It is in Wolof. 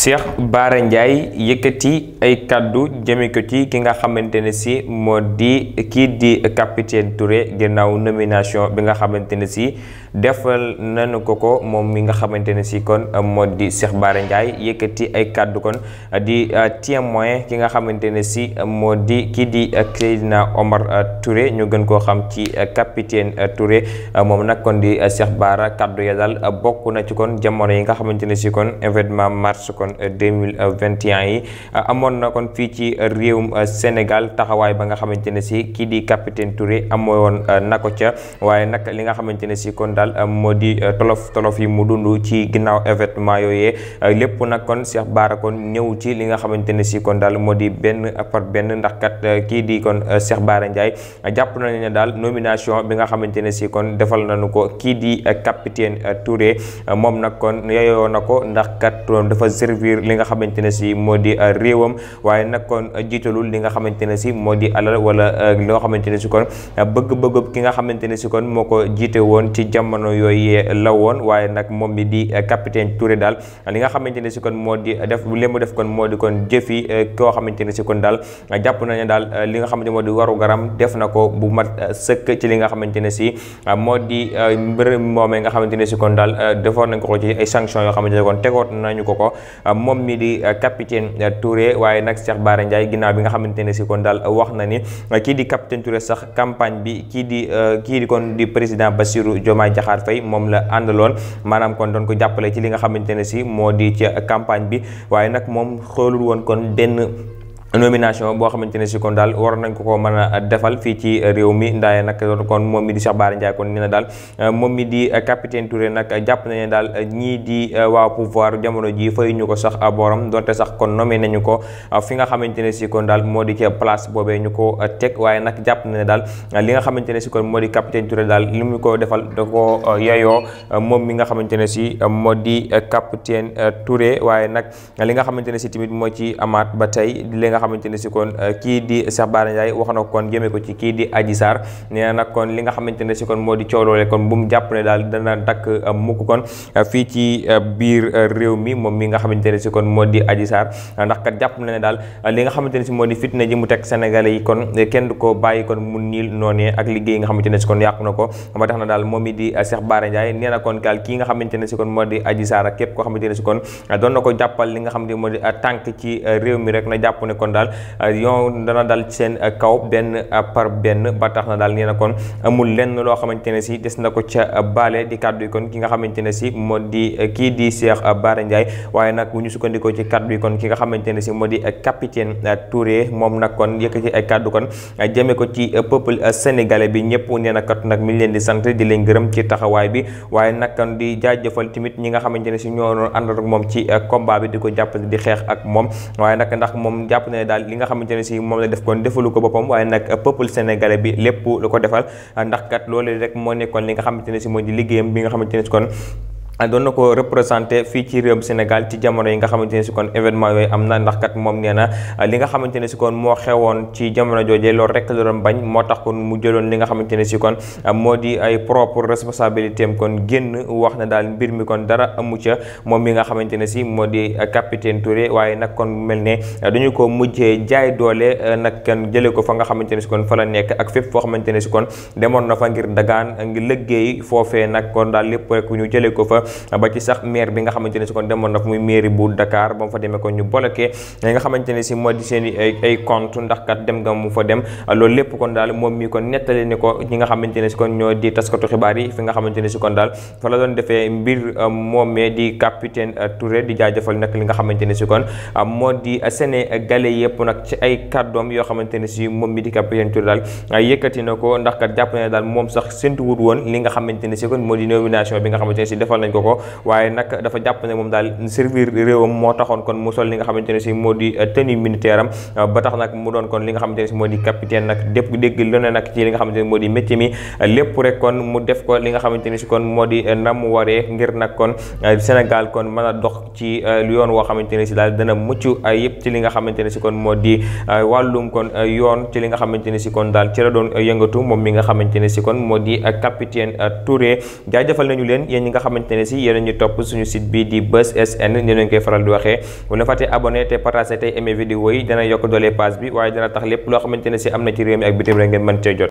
Cheikh Bara Ndiaye yëkkati ay kàddu jëme ko ci ki nga xamante ne si moo di kii di capitaine Touré ginnaaw nomination bi nga xamante ne si defal nañu ko ko moom mi nga xamante ne si kon moo di Cheikh Bara Ndiaye yëkkati ay kàddu kon di uh, témoin ki nga xamante ne si moo di kii di uh, Seydina Omar uh, ture ñoo gën koo xam ci capitaine Touré moom nag kon di Cheikh Bara kàddu ya daal bokk na ci kon jamono yi nga xamante ne si kon événement mars kon kon 2021 yi amoon na kon fii ci réewum Sénégal taxawaay ba nga xamante ne si kii di capitaine Touré amoon euh, na ko ca waaye nag li nga xamante ne si kon daal euh, moo di euh, tolof tolof yi mu dund ci ginnaaw événement yooyee lépp nag kon Cheikh Bara kon ñëw ci li nga xamante ne si daal moo di benn par benn ndax kat kii di kon Cheikh Bara Ndiaye jàpp nañ ne daal nomination bi nga xamante ne si kon defal nañu ko kii di capitaine Touré moom nag kon yeyoo na ko ndax kat dafa servir li nga xamante ne si moo di réewam waaye nag kon jiitalul li nga xamante ne si moo di alal wala loo xamante ne si kon bëgg-bëggub ki nga xamante ne si kon moo ko jiite woon ci jamono yooyu la woon waaye nag moom bi di capitaine Touré daal li nga xamante ne si kon moo di def li mu def kon moo di kon jëfi koo xamante ne si kon daal jàpp nañu daal li nga xamante moo di waru garam def na ko bu mat sëkk ci li nga xamante ne si moo di mbir moomee nga xamante ne si kon daal defoon nañ ko ko ci ay sanctions yoo xamante ne kon tegoot nañu ko ko Euh, moom mi di euh, capitaine euh, Touré waaye nag Cheikh Bara Ndiaye ginnaaw bi nga xamante ne si kon daal wax na ni kii di capitaine Touré sax campagne bi kii di kii di kon di président Bassirou jomaa jaxaar Faye moom la àndaloon maanaam kon doon ko jàppale ci li nga xamante ne si moo di ci campagne bi waaye nag moom xoolul woon kon benn nomination boo xamante ne si kon daal war nañ ko ko mën a defal fii ci réew mi ndaaye nag kon moom mi di Cheikh Bara Ndiaye kon nee na daal euh, moom mi di jàpp nañu ne daal ñii di euh, waa pouvoir jamono ji ñu ko sax borom donte sax kon nommé nañu ko euh, fi nga xamante ne si kon daal moo di ci place boobee ñu ko teg waaye nag jàpp na daal li nga xamante ne kon moo di capitaine Touré daal li mu ko defal da ko yeyoo moom mi nga xamante ne si moo di capitaine Touré waaye nag li nga xamante ne si tamit moo ci amaat ba tey xamante ni si kon eh, kii di Cheikh Bara Ndiaye wax na kon jëmee ko ci kii di Adji Sarr li nga xamante mi moom mi na si kon eh, eh, ko bàyyi kon mu niil noonee ak na ko ba tax na si kon moo di Adji Sarr ak képp koo xamante ne si kon doon na ko jàppal li nga xamante ne moo di tànk ci réew mi rek na jàpp ne kon kon daal euh, yoon dana daal seen euh, kaw benn euh, par benn ba tax na daal nee na kon amul lenn loo xamante ne si des na ko ca bale di kàddu yi kon ki nga xamante ne si moo di kii di Cheikh Bara Ndiaye waaye nag bu ñu sukkandikoo ci kàddu yi kon ki nga xamante ne si moo di capitaine Touré moom nag kon yëkkati ay kàddu kon jëmee ko ci peuple sénégalais bi ñëpp nee na kat nag mi leen di sant di leen gërëm ci taxawaay bi waaye nag kan di jaajëfal timit ñi nga xamante ne si ñoo ànd ak moom ci combat bi di ko jàppale di xeex ak moom waaye nag ndax moom jàpp ne daal li nga xamante ne si moom la def kon defalu ko boppam waaye nag peuple sénégalais bi lépp lu ko defal ndax kat loolu rek moo nekkoon li nga xamante ne si moo di liggéeyam bi nga xamante ne si kon Ah, doon na ko représenté fii ci réewum Sénégal ci jamono yi nga xamante ne si kon événement yooyu am na ndax kat moom nee na ah, li nga xamante ne si kon moo xewoon ci jamono jooje loolu rek la bañ moo tax kon mu jëloon li nga xamante ne si kon ah, moo di ay propre responsabilité am kon génn wax na daal mbir mi kon dara amu ca moom mi nga xamante ne si moo di capitaine Touré waaye nag kon mel ne dañu ko mujjee jaay doole nag kan jëlee ko fa nga xamante ne si kon fa la nekk ak fépp foo xamante ne si kon demoon na fa ngir dagaan ngir liggéey foofee nag kon daal lépp ñu jëlee ko fa ba ci sax maire bi nga xamante ne si kon demoon na fa muy mairie di seen i ay compte ndax kat dem nga xamante ne si kon ñoo di taskatu xibaar yi fi euh, euh, euh, nag ci ay kàddoom yoo xamante ne si moom mi di capitaine Touré daal yëkkati na ko ndax kat jàpp daal moom sax séntu woon li nga xamante ne si kon moo di nomination bi nga xamante ne si defal nañ ko ko ko waaye nag dafa jàpp ne moom daal servir réewam moo taxoon kon mu sol li nga xamante ne si moo di euh, tenue militaire am euh, ba tax nag mu doon kon li nga xamante ne si moo di capitaine ne nag ci moo di métier mi lépp rek kon mu def ko li nga xamante si kon moo di euh, yoon woo li nga xamante ne si kon moo di wàllum kon yoon ci li nga xamante si kon daal ci la doon yëngatu moom mi nga xamante ne si kon moo di capitaine Touré jaajëfal nañu leen yéen nga xamante aussi yéen ñu topp suñu site bi di Buzz SN ni koy faral di waxee bu na fàttee abonné te partagé tey aimé vidéo yi dana yokk doole page bi waaye dana tax lépp loo xamante ne si am na ci réew mi ak bitim rek ngeen mën cee jot